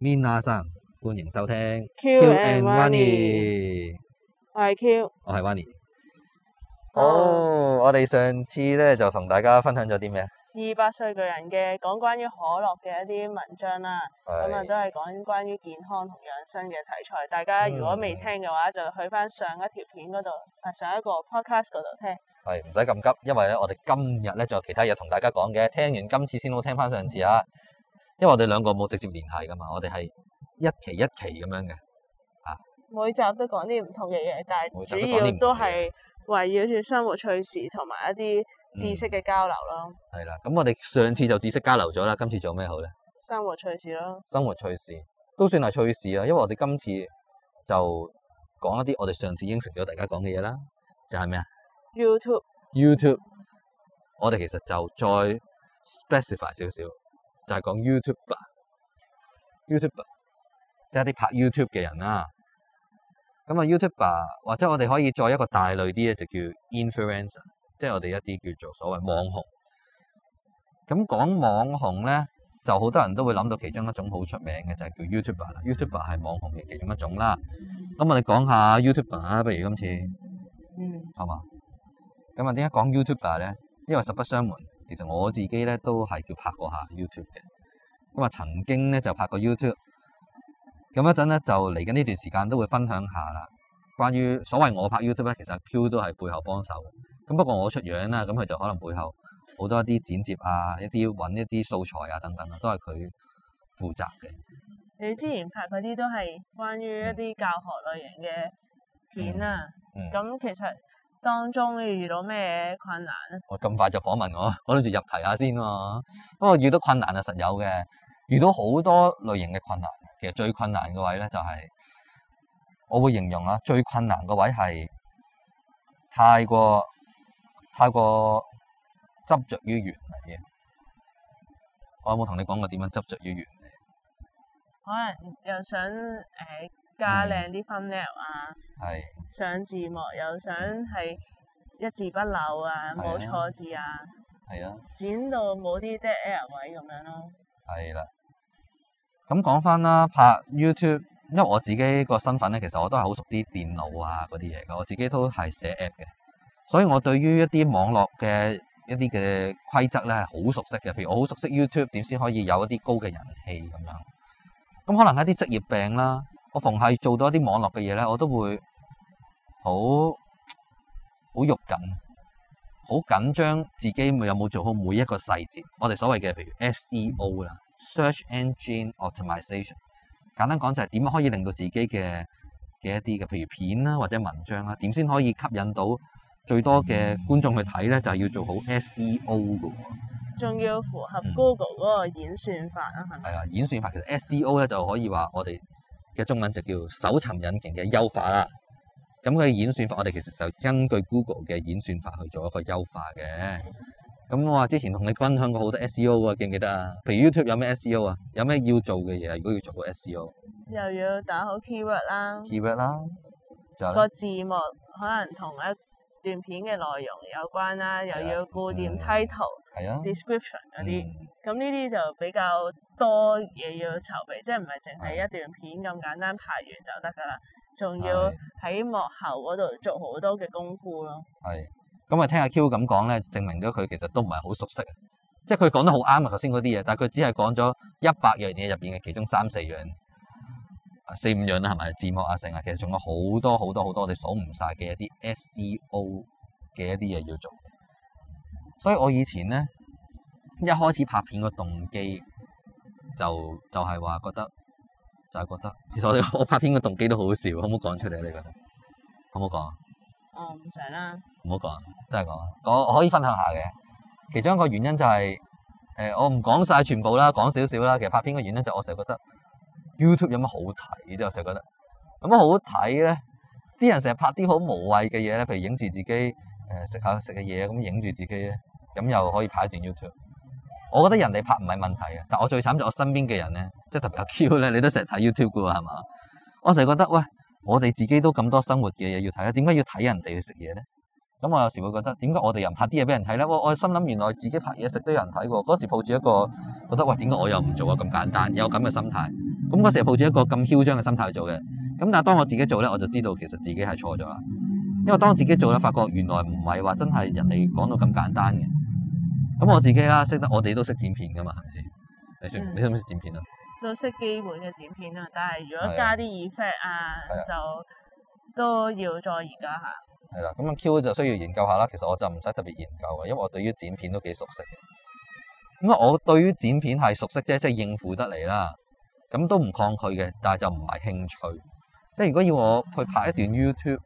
Minna さん，歡迎收聽。Q, Q and Wani 我係 Q，我係 Wani 哦，oh, 我哋上次咧就同大家分享咗啲咩啊？二百歲巨人嘅講關於可樂嘅一啲文章啦，咁啊都係講關於健康同養生嘅題材。大家如果未聽嘅話，就去翻上一條片嗰度，啊上一個 Podcast 嗰度聽。係唔使咁急，因為咧我哋今日咧仲有其他嘢同大家講嘅。聽完今次先好聽翻上次啊。因為我哋兩個冇直接聯繫噶嘛，我哋係一期一期咁樣嘅，啊，每集都講啲唔同嘅嘢，但係主要都係圍繞住生活趣事同埋一啲知識嘅交流咯。係啦、嗯，咁我哋上次就知識交流咗啦，今次做咩好咧？生活趣事咯，生活趣事都算係趣事啊，因為我哋今次就講一啲我哋上次應承咗大家講嘅嘢啦，就係、是、咩啊？YouTube，YouTube，我哋其實就再 specify 少少。就係講 YouTuber，YouTuber 即係一啲拍 YouTube 嘅人啦。咁啊，YouTuber 或者我哋可以再一個大類啲咧，就叫 Influencer，即係我哋一啲叫做所謂網紅。咁講網紅咧，就好多人都會諗到其中一種好出名嘅就係叫 YouTuber。YouTuber 係網紅嘅其中一種啦。咁我哋講下 YouTuber 啊，不如今次，嗯，好嘛？咁啊，點解講 YouTuber 咧？因為實不相瞞。其實我自己咧都係叫拍過下 YouTube 嘅，咁啊曾經咧就拍過 YouTube，咁一陣咧就嚟緊呢段時間都會分享下啦。關於所謂我拍 YouTube 咧，其實 Q 都係背後幫手嘅。咁不過我出樣啦，咁佢就可能背後好多一啲剪接啊，一啲搵一啲素材啊等等啊，都係佢負責嘅。你之前拍嗰啲都係關於一啲教學類型嘅片啊，咁，嗯嗯，其實。當中遇到咩困難咧？我咁快就訪問我，我諗住入題下先嘛、啊。不過遇到困難啊，實有嘅，遇到好多類型嘅困難。其實最困難嘅位咧、就是，就係我會形容啦、啊，最困難嘅位係太過太過執着於完美嘅。我有冇同你講過點樣執着於完美？可能又想誒。哎加靚啲封面啊，係的上字幕又想係一字不漏啊，冇的錯字啊，係啊的，剪到冇啲 dead air 位咁樣咯，係啦。咁講翻啦，拍 YouTube，因為我自己個身份咧，其實我都係好熟啲電腦啊嗰啲嘢嘅，我自己都係寫 app 嘅，所以我對於一啲網絡嘅一啲嘅規則咧係好熟悉嘅，譬如我好熟悉 YouTube 點先可以有一啲高嘅人氣咁樣，咁可能係一啲職業病啦。我逢係做到一啲網絡嘅嘢咧，我都會好好肉緊，好緊張自己有冇做好每一個細節。我哋所謂嘅，譬如 S E O 啦，Search Engine Optimization，簡單講就係點樣可以令到自己嘅嘅一啲嘅，譬如片啦或者文章啦，點先可以吸引到最多嘅觀眾去睇咧？就係、是、要做好 S E O 嘅，仲要符合 Google 嗰個演算法啦。係啊、嗯，演算法其實 S E O 咧就可以話我哋嘅中文就叫搜尋引擎嘅優化啦。咁佢嘅演算法，我哋其實就根據 Google 嘅演算法去做一個優化嘅。咁我話之前同你分享過好多 SEO 啊，記唔記得啊？譬如 YouTube 有咩 SEO 啊？有咩要做嘅嘢啊？如果要做個 SEO，又要打好 keyword 啦，keyword 啦，key 啦就個字幕可能同一段片嘅內容有關啦，的又要顧掂 title、description 嗰啲，咁呢啲就比較多嘢要籌備，嗯、即係唔係淨係一段片咁簡單，嗯、拍完就得噶啦，仲、嗯、要喺幕後嗰度做好多嘅功夫咯。係、嗯，咁啊、嗯、聽阿 Q 咁講咧，證明咗佢其實都唔係好熟悉，即係佢講得好啱啊頭先嗰啲嘢，但係佢只係講咗一百樣嘢入邊嘅其中三四樣。四五樣啦，係咪字幕啊？成啊，其實仲有好多好多好多，我哋數唔晒嘅一啲 SEO 嘅一啲嘢要做。所以我以前咧一開始拍片個動機就就係話覺得就係覺得，其實我我拍片個動機都好好笑，好唔好講出嚟啊？你覺得好唔好講啊？哦，唔想啦。唔好講，真係講，我可以分享下嘅。其中一個原因就係誒，我唔講晒全部啦，講少少啦。其實拍片個原因就我成日覺得。YouTube 有乜好睇？即係成日覺得有乜好睇咧！啲人成日拍啲好無謂嘅嘢咧，譬如影住自己誒食、呃、下食嘅嘢啊，咁影住自己咧，咁又可以拍一段 YouTube。我覺得人哋拍唔係問題嘅，但我最慘就我身邊嘅人咧，即係特別有 Q 咧，你都成日睇 YouTube 嘅喎，係嘛？我成日覺得喂，我哋自己都咁多生活嘅嘢要睇啦，點解要睇人哋去食嘢咧？咁我有時會覺得點解我哋又唔拍啲嘢俾人睇咧？我心諗原來自己拍嘢食都有人睇過。嗰時抱住一個覺得喂，點解我又唔做啊？咁簡單有咁嘅心態。咁嗰時係抱住一個咁囂張嘅心態去做嘅。咁但係當我自己做咧，我就知道其實自己係錯咗啦。因為當自己做咧，發覺原來唔係話真係人哋講到咁簡單嘅。咁我自己啦，識得我哋都識剪片㗎嘛，係咪先？你識、嗯、你識唔識剪片啊？都識基本嘅剪片啦，但係如果加啲 effect 啊，啊就都要再研究下。係啦、啊，咁 Q 就需要研究下啦。其實我就唔使特別研究啊，因為我對於剪片都幾熟悉嘅。咁啊，我對於剪片係熟悉啫，即、就、係、是、應付得嚟啦。咁都唔抗拒嘅，但係就唔係興趣。即係如果要我去拍一段 YouTube，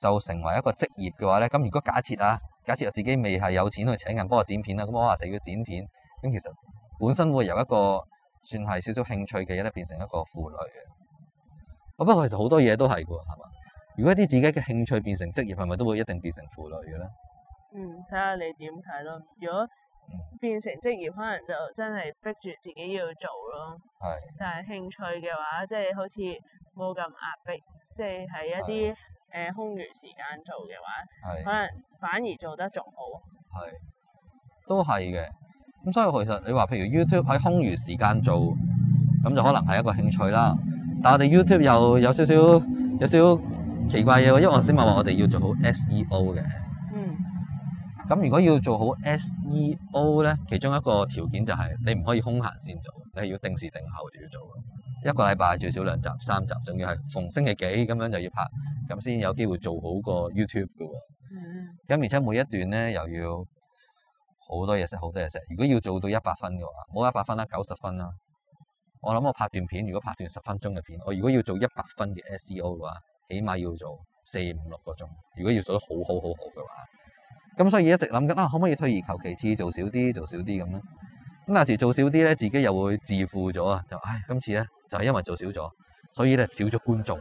就成為一個職業嘅話咧，咁如果假設啊，假設我自己未係有錢去請人幫我剪片啊，咁我話死要剪片，咁其實本身會由一個算係少少興趣嘅嘢咧，變成一個負累嘅。咁不過其實好多嘢都係嘅，係嘛？如果一啲自己嘅興趣變成職業，係咪都會一定變成負累嘅咧？嗯，睇下你點睇咯。如果變成職業，可能就真係逼住自己要做咯，係的，但係興趣嘅話，即係好似冇咁壓迫，即係喺一啲誒空餘時間做嘅話，的可能反而做得仲好。係，都係嘅。咁所以其實你話譬如 YouTube 喺空餘時間做，咁就可能係一個興趣啦。但係我哋 YouTube 又有少少有少奇怪嘢，因為我先話我哋要做好 SEO 嘅。咁如果要做好 SEO 咧，其中一個條件就係你唔可以空閒先做，你係要定時定候就要做。一個禮拜最少兩集三集，仲要係逢星期幾咁樣就要拍，咁先有機會做好個 YouTube 嘅。咁、嗯、而且每一段咧又要好多嘢食，好多嘢食。如果要做到一百分嘅話，冇一百分啦、啊，九十分啦、啊。我諗我拍段片，如果拍段十分鐘嘅片，我如果要做一百分嘅 SEO 嘅話，起碼要做四五六個鐘。如果要做到好，好好好好嘅話，咁所以一直諗緊啊，可唔可以退而求其次，做少啲，做少啲咁咧？咁有時做少啲咧，自己又會自負咗啊！就唉，今次咧就係因為做少咗，所以咧少咗觀眾，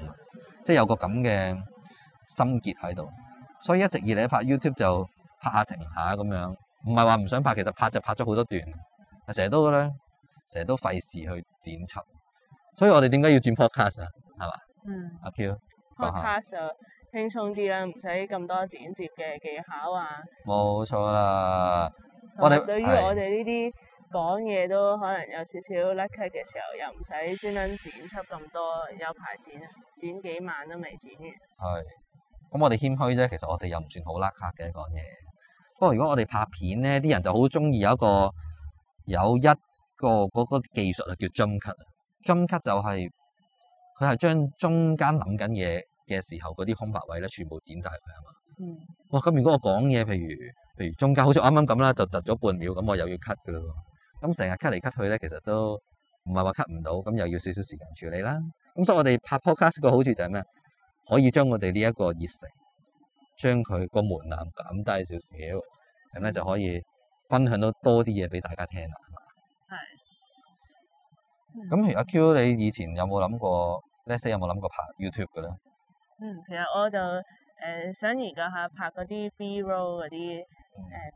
即係有個咁嘅心結喺度，所以一直以嚟拍 YouTube 就拍下停下咁樣，唔係話唔想拍，其實拍就拍咗好多段，成日都咧，成日都費事去剪輯。所以我哋點解要轉 Podcast 啊？係嘛？嗯。阿 Q。Podcast。輕鬆啲啦，唔使咁多剪接嘅技巧啊！冇錯啦，我哋對於我哋呢啲講嘢都可能有少少甩咳嘅時候，又唔使專登剪輯咁多，有排剪剪幾晚都未剪完。係，咁我哋謙虛啫，其實我哋又唔算好甩咳嘅講嘢。不過如果我哋拍片咧，啲人就好中意有一個、嗯、有一個嗰、嗰個技術啊，叫 jump cut。Jump cut 就係、中 c 就係佢係將中間諗緊嘢。嘅時候，嗰啲空白位咧，全部剪晒佢啊嘛。嗯。哇，咁如果我講嘢，譬如譬如中間，好似啱啱咁啦，就窒咗半秒，咁我又要 cut 㗎啦。咁成日 cut 嚟 cut 去咧，其實都唔係話 cut 唔到，咁又要少少時間處理啦。咁所以我哋拍 podcast 個好處就係咩？可以將我哋呢一個熱誠，將佢個門檻減低少少，咁咧就可以分享到多啲嘢俾大家聽啦。係咪？咁譬如阿 Q，你以前有冇諗過？Let's see，有冇諗過拍 YouTube 嘅咧？嗯，其實我就誒、呃、想研究下拍嗰啲 B roll 嗰啲誒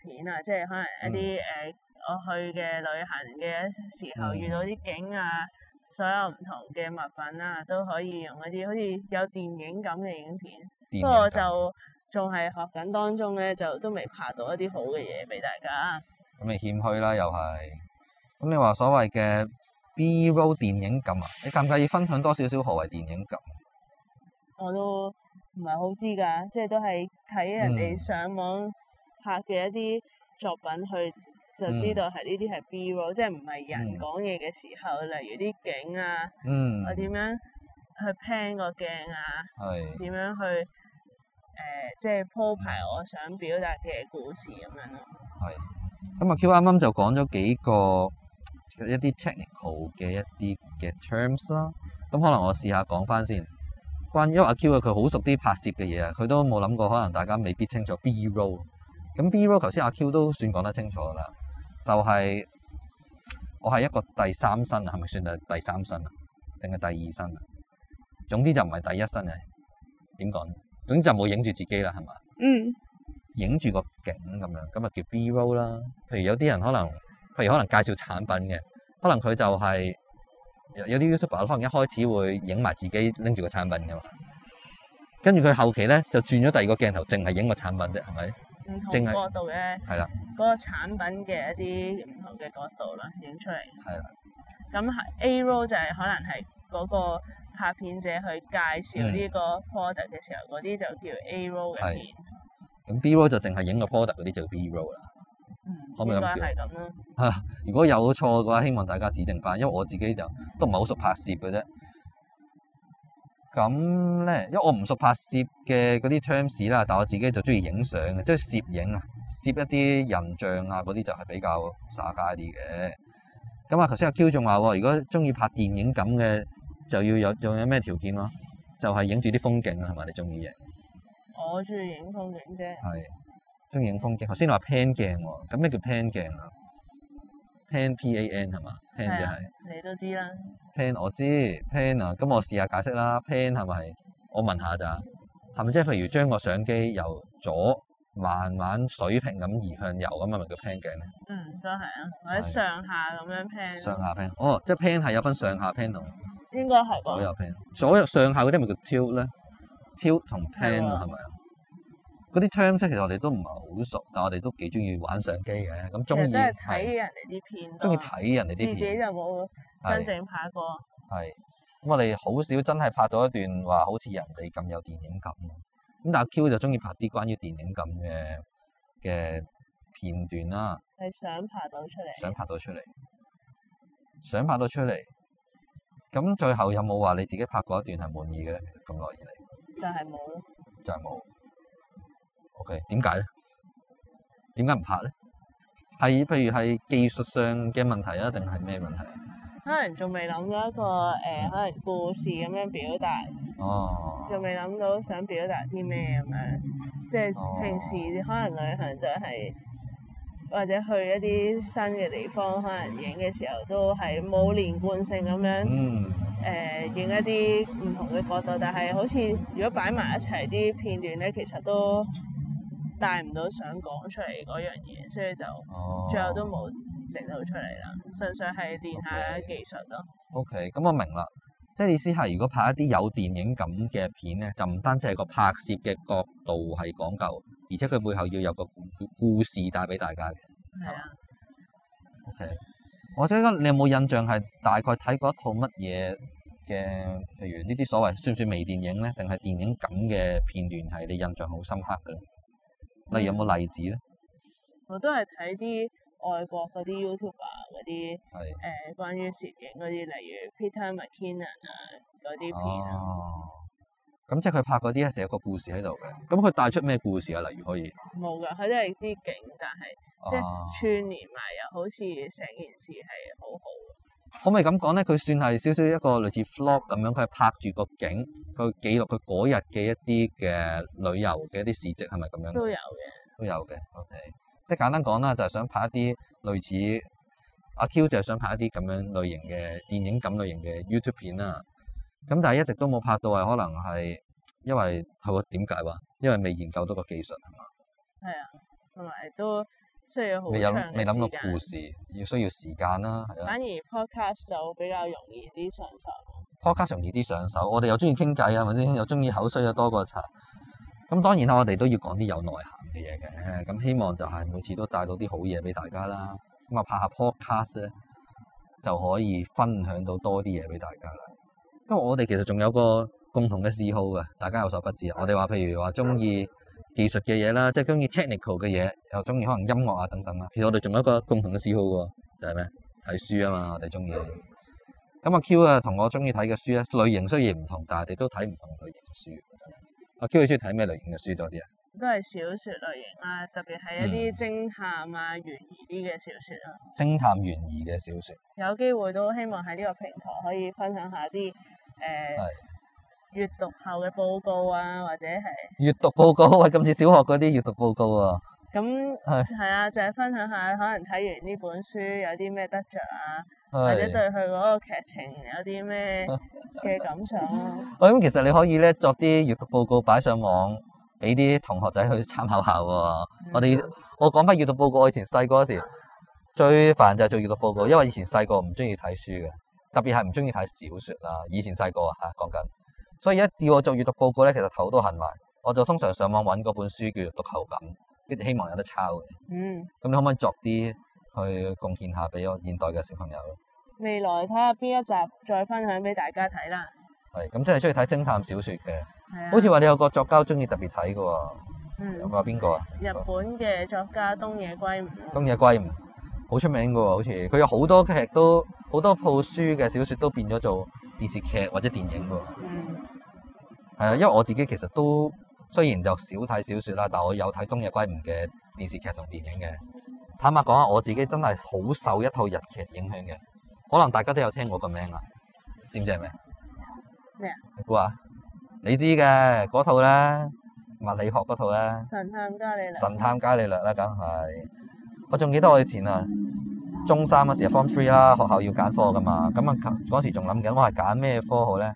片啊，嗯、即係可能一啲誒、嗯呃、我去嘅旅行嘅時候遇到啲景啊，嗯、所有唔同嘅物品啊，都可以用一啲好似有電影感嘅影片。不過就仲係學緊當中咧，就都未拍到一啲好嘅嘢俾大家。咁咪謙虛啦，又係。咁你話所謂嘅 B roll 電影感啊？你介唔介意分享多少少何為電影感？我都唔係好知㗎，即係都係睇人哋上網拍嘅一啲作品、嗯、去就知道係呢啲係 B roll，嗯、即係唔係人講嘢嘅時候，例如啲景啊，嗯、我點樣去 plan 個鏡啊，點係樣去誒，即、呃、係、就是、鋪排我想表達嘅故事咁、嗯、樣咯、啊。係咁啊！Q 啱啱就講咗幾個一啲 technical 嘅一啲嘅 terms 啦，咁可能我試下講翻先。因因為阿 Q 啊，佢好熟啲拍攝嘅嘢啊，佢都冇諗過，可能大家未必清楚 B roll。咁 B roll 頭先阿 Q 都算講得清楚啦，就係我係一個第三身啊，係咪算係第三身啊？定係第二身啊？總之就唔係第一身啊，點講？總之就冇影住自己啦，係嘛？嗯。影住個景咁樣，咁啊叫 B roll 啦。譬如有啲人可能，譬如可能介紹產品嘅，可能佢就係。有啲 YouTuber 可能一開始會影埋自己拎住個產品噶嘛，跟住佢後期咧就轉咗第二個鏡頭，淨係影個產品啫，係咪？唔同角度嘅，係啦。嗰個產品嘅一啲唔同嘅角度啦，影出嚟。係啦。咁 A roll 就係可能係嗰個拍片者去介紹呢個 product 嘅時候，嗰啲、嗯、就叫 A roll 入面。咁 B roll 就淨係影個 product 嗰啲就叫 B roll 啦。應該係咁啦。吓，如果有錯嘅話，希望大家指正翻，因為我自己就都唔係好熟拍攝嘅啫。咁咧，因為我唔熟拍攝嘅嗰啲 terms 啦，但係我自己就中意影相嘅，即係攝影啊，攝一啲人像啊，嗰啲就係比較灑街啲嘅。咁啊，頭先阿 Q 仲話，如果中意拍電影咁嘅，就要有仲有咩條件咯？就係影住啲風景啊，係咪？你中意影？我中意影風景啫。係。中影風鏡，頭先你話 pan 鏡喎，咁咩叫 pan 鏡啊？pan p a n 係嘛？pan 就係你都知啦。pan 我知 pan 啊，咁我試下解釋啦。pan 係咪？我問下咋？係咪即係譬如將個相機由左慢慢水平咁移向右咁啊？咪叫 pan 鏡咧？嗯，都係啊，或者上下咁樣 pan。上下 pan 哦，即係 pan 係有分上下 pan 同。應該學過左。左右 pan，左右上下嗰啲咪叫 tilt 咧？tilt 同 pan 係咪啊？嗯嗰啲 term 其實我哋都唔係好熟，但我哋都幾中意玩相機嘅。咁中意睇人哋啲片，中意睇人哋啲片，自己就有冇真正拍過？係咁，我哋好少真係拍到一段話，好似人哋咁有電影感。咁但阿 Q 就中意拍啲關於電影感嘅嘅片段啦。係想，想拍到出嚟，想拍到出嚟，想拍到出嚟。咁最後有冇話你自己拍過一段係滿意嘅咧？其實咁耐以嚟就係冇咯，就係冇。OK，點解咧？點解唔拍咧？係譬如係技術上嘅問題啊，定係咩問題？問題可能仲未諗到一個誒，呃嗯、可能故事咁樣表達，哦、啊，仲未諗到想表達啲咩咁樣，即係、啊、平時可能旅行就係、是、或者去一啲新嘅地方，可能影嘅時候都係冇連貫性咁樣，嗯，誒、呃，影一啲唔同嘅角度，但係好似如果擺埋一齊啲片段咧，其實都，帶唔到想講出嚟嗰樣嘢，所以就最後都冇整到出嚟啦。哦、純粹係練下技術咯。O K，咁我明啦。即係意思係，如果拍一啲有電影咁嘅片咧，就唔單止係個拍攝嘅角度係講究，而且佢背後要有個故事帶俾大家嘅。係啊。OK，或者你有冇印象係大概睇過一套乜嘢嘅？譬如呢啲所謂算唔算微電影咧？定係電影咁嘅片段係你印象好深刻嘅？例如有冇例子咧？我都係睇啲外國嗰啲 YouTuber 啲，係誒的、呃、關於攝影嗰啲，例如 Peter McKinnon 啊，嗰啲片啊。哦，咁即係佢拍嗰啲咧，就有個故事喺度嘅。咁佢帶出咩故事啊？例如可以冇噶，佢都係啲景，但係，即係串聯埋，又好似成件事係好好。可唔可以咁講咧？佢算係少少一個類似 Vlog 咁樣，佢拍住個景，佢記錄佢嗰日嘅一啲嘅旅遊嘅一啲事蹟，係咪咁樣？都有嘅，都有嘅。OK，即係簡單講啦，就係、是、想拍一啲類似阿、啊、Q，就係想拍一啲咁樣類型嘅電影感類型嘅 YouTube 片啦。咁但係一直都冇拍到啊，可能係因為係喎點解話？因為，為，因為未研究到個技術係嘛？係啊，同埋都。需要好長時間。未諗未諗到故事，要需要時間啦。反而 podcast 就比較容易啲上手。podcast 容易啲上手，我哋又中意傾偈啊，或者又中意口水又、啊、多過茶。咁當然啦，我哋都要講啲有內涵嘅嘢嘅。咁希望就係每次都帶到啲好嘢俾大家啦。咁啊，拍下 podcast 咧就可以分享到多啲嘢俾大家啦。因為我哋其實仲有個共同嘅嗜好嘅，大家有所不知啊。我哋話譬如話中意。技術嘅嘢啦，即係中意 technical 嘅嘢，又中意可能音樂啊等等啦。其實我哋仲有一個共同嘅嗜好嘅，就係、是、咩？睇書啊嘛，我哋中意。咁阿 Q 啊，同我中意睇嘅書咧，類型雖然唔同，但係我哋都睇唔同類型嘅書。真係。阿 Q，你中意睇咩類型嘅書多啲啊？都係小說類型啊，特別係一啲偵探啊、懸疑啲嘅小說啦，啊。偵探懸疑嘅小說。有機會都希望喺呢個平台可以分享下啲誒。呃閱讀後嘅報告啊，或者係閱讀報告，喂，今次小學嗰啲閱讀報告啊。咁係係啊，就係分享下可能睇完呢本書有啲咩得着啊，是啊，或者對佢嗰個劇情有啲咩嘅感想啊。我諗、 嗯嗯、其實你可以咧作啲閱讀報告擺上網，俾啲同學仔去參考下、啊嗯我。我哋我講翻閱讀報告，我以前細個嗰時最煩就係做閱讀報告，因為以前細個唔中意睇書嘅，特別係唔中意睇小說啦。以前細個吓講緊。所以一叫我做閱讀報告咧，其實頭都痕埋。我就通常上網揾嗰本書叫做讀後感，跟住希望有得抄嘅。嗯。咁你可唔可以作啲去貢獻下俾我現代嘅小朋友？未來睇下邊一集再分享俾大家睇啦。係咁，真係中意睇偵探小説嘅。係啊。好似話你有個作家中意特別睇嘅喎。嗯。有冇啊？邊個啊？日本嘅作家東野圭吾。東野圭吾好出名嘅喎，好似佢有好多劇都好多套書嘅小説都變咗做電視劇或者電影喎。嗯。係啊，因為我自己其實都雖然就少睇小說啦，但我有睇《東野圭吾》嘅電視劇同電影嘅。坦白講啊，我自己真係好受一套日劇影響嘅。可能大家都有聽過個名啦，知唔知係咩？咩啊麼？你估下？你知嘅嗰套咧，物理學嗰套咧，《神探伽利略》。神探伽利略啦，梗係。我仲記得我以前啊，中三嗰時 form three 啦，學校要揀科㗎嘛。咁啊，嗰時仲諗緊我係揀咩科好咧？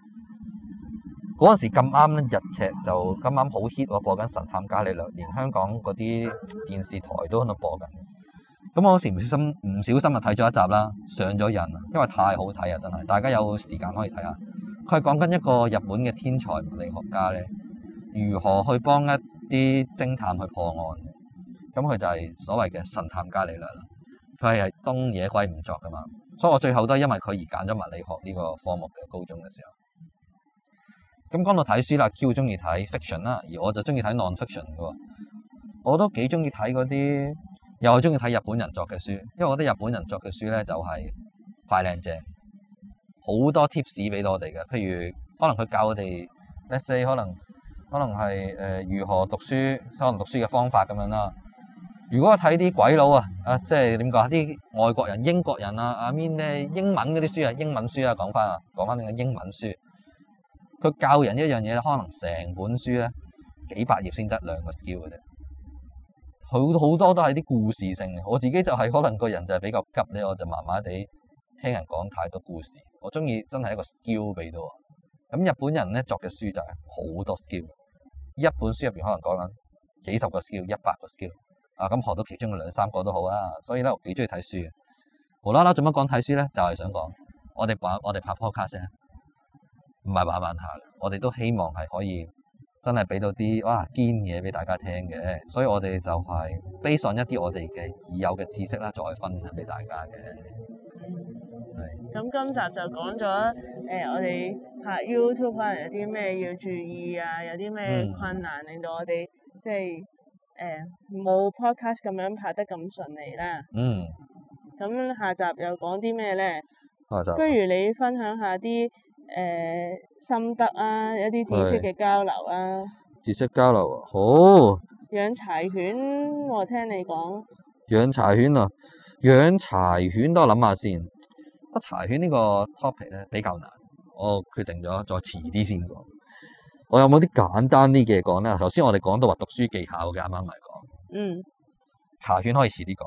嗰陣時咁啱咧，日劇就咁啱好 hit，我播緊《神探伽利略》，連香港嗰啲電視台都喺度播緊。咁我嗰時唔小心唔小心啊，睇咗一集啦，上咗癮，因為太好睇啊，真係！大家有時間可以睇下。佢係講緊一個日本嘅天才物理學家咧，如何去幫一啲偵探去破案嘅。咁佢就係所謂嘅神探伽利略啦。佢係東野圭吾作噶嘛，所以我最後都係因為佢而揀咗物理學呢個科目嘅高中嘅時候。咁講到睇書啦，Q 中意睇 fiction 啦，而我就中意睇 non-fiction 嘅。我都幾中意睇嗰啲，又係中意睇日本人作嘅書，因為我覺得日本人作嘅書咧就係快靚正，好多 tips 俾到我哋嘅。譬如可能佢教我哋，let's say 可能可能係誒、呃、如何讀書，可能讀書嘅方法咁樣啦。如果我睇啲鬼佬啊，啊即係點講？啲外國人、英國人啊，I mean 咧啲英文嗰啲書啊，英文書啊，講翻啊，講翻啲嘅英文書，佢教人一樣嘢可能成本書咧幾百頁先得兩個 skill 嘅啫，好好多都係啲故事性嘅。我自己就係可能個人就係比較急咧，我就麻麻地聽人講太多故事。我中意真係一個 skill 俾到。咁日本人咧作嘅書就係好多 skill，一本書入邊可能講緊幾十個 skill、一百個 skill 啊。咁學到其中兩三個都好啊。所以咧、就是，我幾中意睇書嘅。無啦啦做乜講睇書咧？就係想講我哋拍我哋拍 podcast 啊！唔係，慢慢下我哋都希望係可以真係俾到啲哇堅嘢俾大家聽嘅，所以我哋就係背上一啲我哋嘅已有嘅知識啦，再分享俾大家嘅。嗯，咁今集就講咗誒，我哋拍 YouTube 翻嚟有啲咩要注意啊？有啲咩困難、嗯、令到我哋即係誒冇、呃、Podcast 咁樣拍得咁順利啦。嗯。咁下集又講啲咩咧？下集。不如你分享一下啲誒、呃、心得啊，一啲知識嘅交流啊，知識交流啊，好養柴犬。我聽你講養柴犬啊，養柴犬都諗下先。個柴犬個呢個 topic 咧比較難，我決定咗再遲啲先講。我有冇啲簡單啲嘅講咧？頭先我哋講到話讀書技巧嘅，啱啱嚟講，嗯，柴犬可以遲啲講。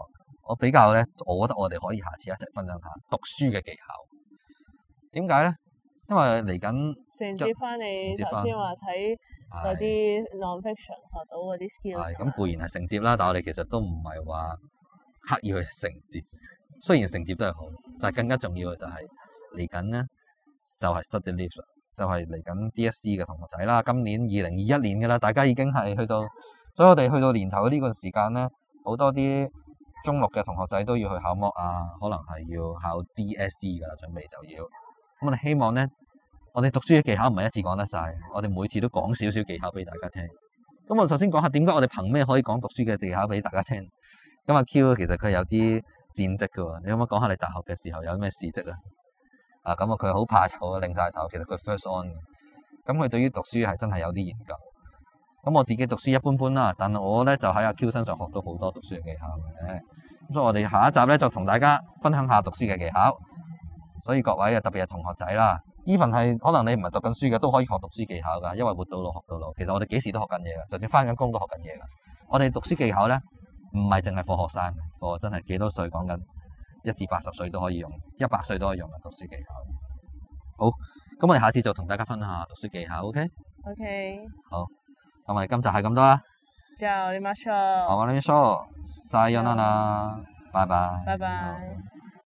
我比較咧，我覺得我哋可以下次一齊分享下讀書嘅技巧。點解咧？因為嚟緊承接翻你頭先話睇嗰啲 nonfiction 學到嗰啲 skills，咁固然係承接啦，但係我哋其實都唔係話刻意去承接。雖然承接都係好，但係更加重要嘅就係嚟緊咧就係 study leave 啦，就係嚟緊 DSE 嘅同學仔啦。今年二零二一年噶啦，大家已經係去到，所以我哋去到年頭呢個時間咧，好多啲中六嘅同學仔都要去考模啊，可能係要考 DSE 噶啦，準備就要。咁我哋希望咧。我哋讀書嘅技巧唔係一次講得晒。我哋每次都講少少技巧俾大家聽。咁我首先講下點解我哋憑咩可以講讀書嘅技巧俾大家聽。咁阿 Q 其實佢有啲戰績嘅喎，你可唔可以講下你大學嘅時候有咩事蹟啊？啊，咁啊佢好怕醜啊，擰晒頭。其實佢 first on 嘅，咁佢對於讀書係真係有啲研究。咁我自己讀書一般般啦，但係我咧就喺阿 Q 身上學到好多讀書嘅技巧嘅，咁所以我哋下一集咧就同大家分享下讀書嘅技巧。所以各位啊，特別係同學仔啦。Even 係，可能你唔係讀緊書嘅都可以學讀書技巧㗎，因為活到老學到老。其實我哋幾時都學緊嘢嘅，就算翻緊工都學緊嘢嘅。我哋讀書技巧咧，唔係淨係課學生，課真係幾多歲講緊一至八十歲都可以用，一百歲都可以用嘅讀書技巧。好，咁我哋下次就同大家分享下讀書技巧，OK？OK。Okay? Okay. 好，咁我哋今集係咁多啦。See you 好，我哋收，拜拜。